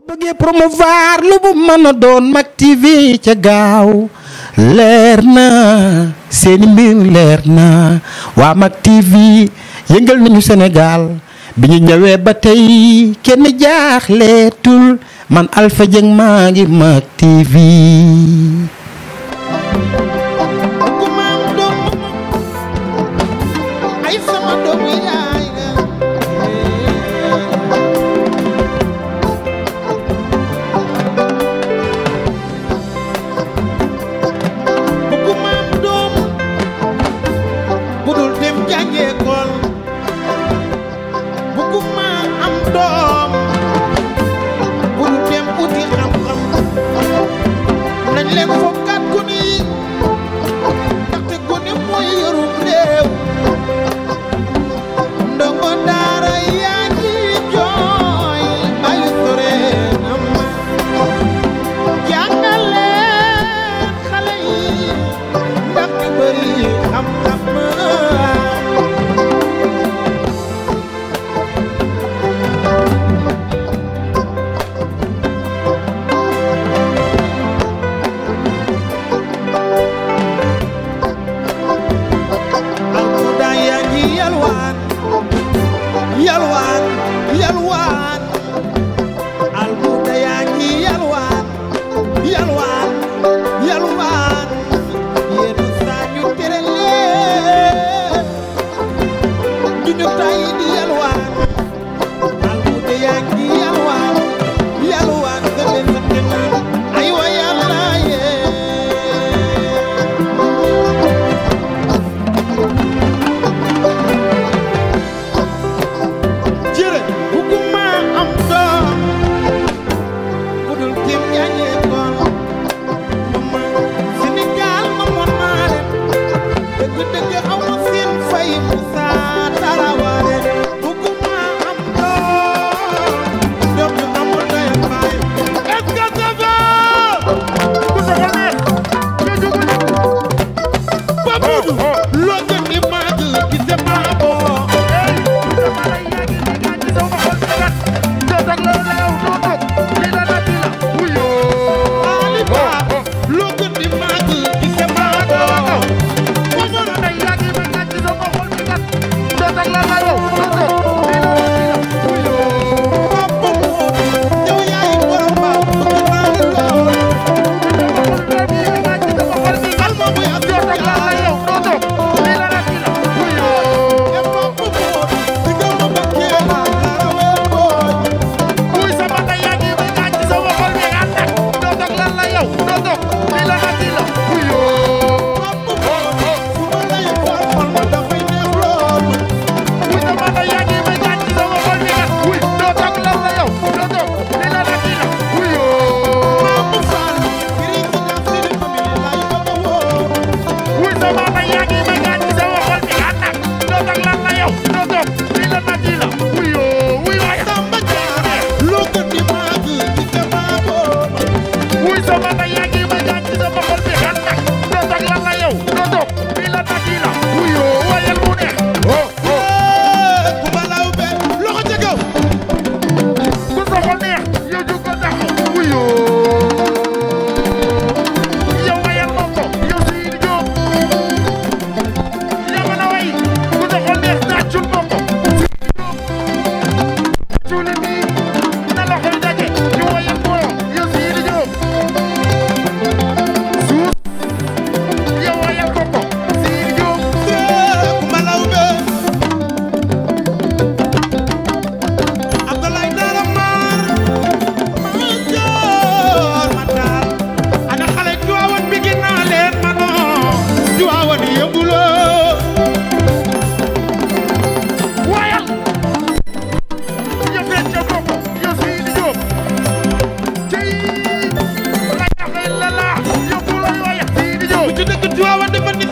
ku bëggee promouvoir lu bu mën a doon Mak TV ca gaaw leer na seeni mbir leer na waa Mak TV yëngal nañu Sénégal bi ñu ñëwee ba tey kenn jaaxleetul man Alpha Dieng maa ngi Mak TV jéegool bugguma am doom bu dem uti xam-xam nañ leen fokk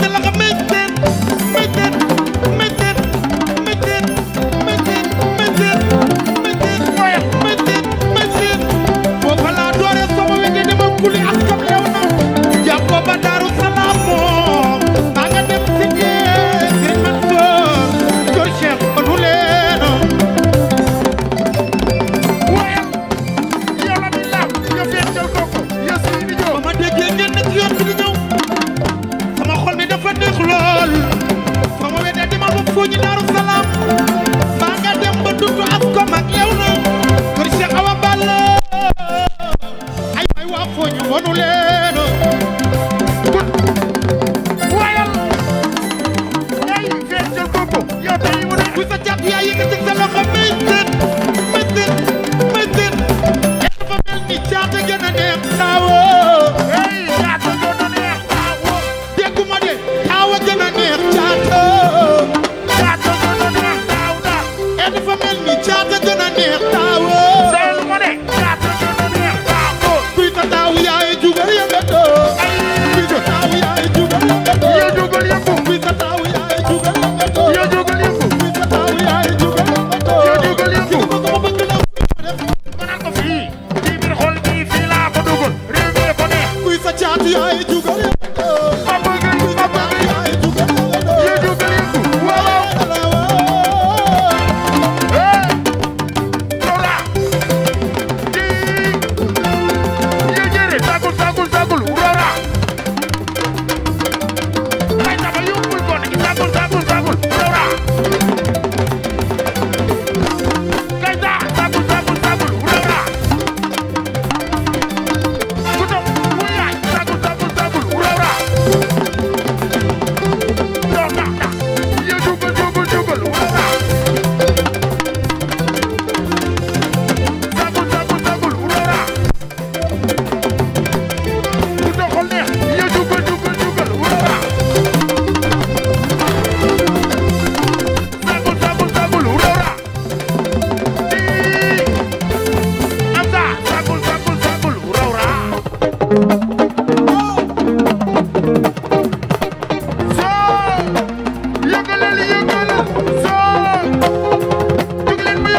la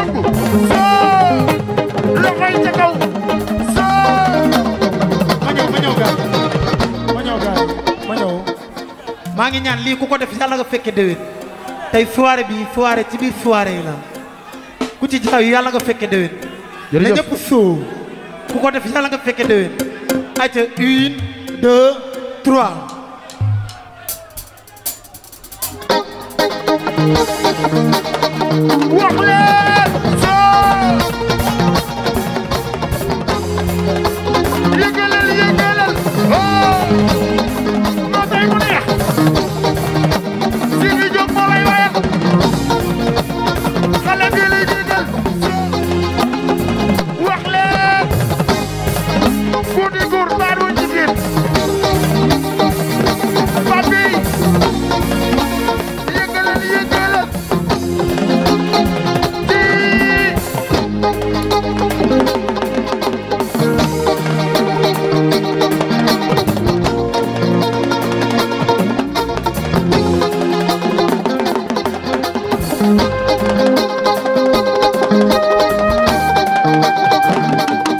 yëngu soo ca kaw soo ma ñëw ma ñëw gaay ma ñëw gaay ma ñëw maa ngi ñaan lii ku ko def yàlla nga fekke déwén tey soirée bi soirée ci biir soirée yi la ku ci jaaw yàlla nga fekke déwén jërëjëf ñëpp soo ku ko def yàlla nga fekke déwén ayca une deux trois Thank you. Thank you.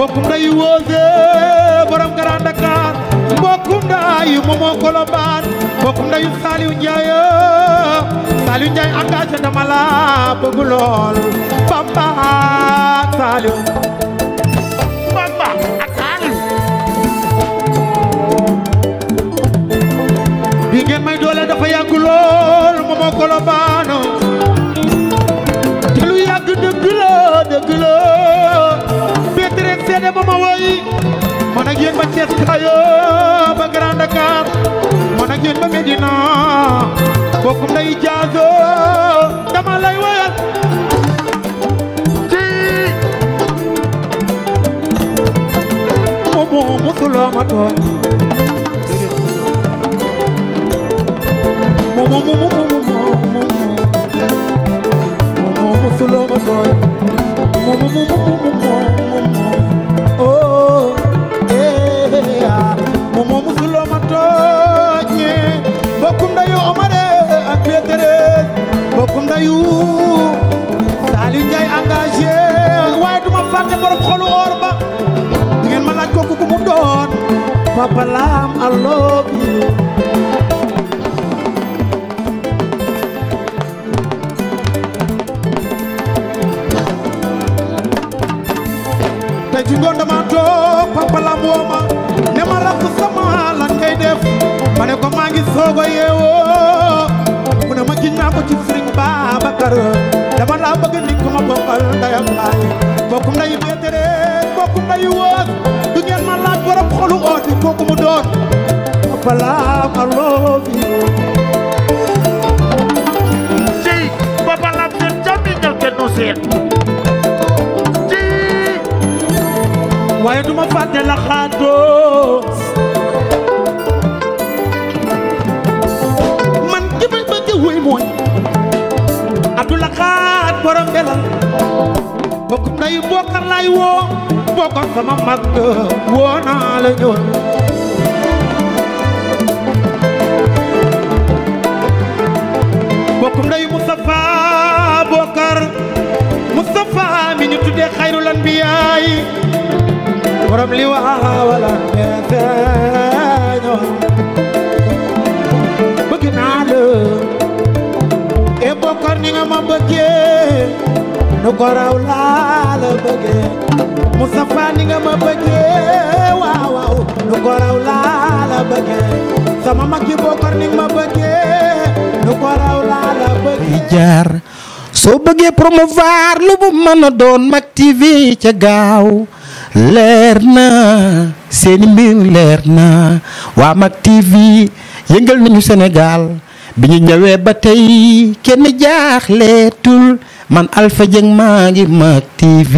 mbokkum ndeyu woose borom Grand Dakar mbokkum ndeyu momo Colobane mbokkum ndeyu Saliou Ndiaye Saliou Ndiaye engagé dama la bëgg lool Bamba ak Saliou Bamba ak Saliou bi ngeen may doole dafa yàgg lool momo te lu yàgg dëgg la te ba ma woy man ak yéen ba Cees Kayoor ba Grand Dakar man ak yéen ba Medina bokkum nday jaazo dama lay woyal ci mu mu musuloo ma tooñ mu mu mu mu mu mu musuloo ma tooñ mu mu mu mu mu bokkum ndeyu Omare ak Pétérès bokkum ndeyu Saliou Ndiaye engagé waaye duma fàtte borom xolu or ba ngeen ma laaj kooku ku mu doon Papa Lam I te ci ngoon dama toog Papa ne ma rakk sama lan ngay def ma ne ko maa ngi soog a yeewoo mu ne ma giñ naa ko ci sëriñ Babacar dama laa bëgg nit ku ma bokkal ndeyam baay bokkum ndeyu beetere bokkum ndeyu woos du ngeen ma laaj borom xolu oote kooku mu doon balaa ma loobi sey ba balaa seen waaye du ma fàtte la xaatoo wuy mooñ Abdul Ahad borom belal bokkum nayu bokkar lay woo bokkam sama mag woo naa la ñoon bokkum nayu Mustafa bokkar Mustafa mi ñu tuddee xayrul anbiyaay borom li waa wala meeseeñoon bëggee nu ko raw soo bëggee promouvoir lu bu mën a doon Mak TV ca gaaw leer na seeni mbir leer na waa Mak TV yëngal nañu Sénégal bi ñu ñëwee ba tey kenn jaaxleetul man Alpha Dieng maa ngi Mak TV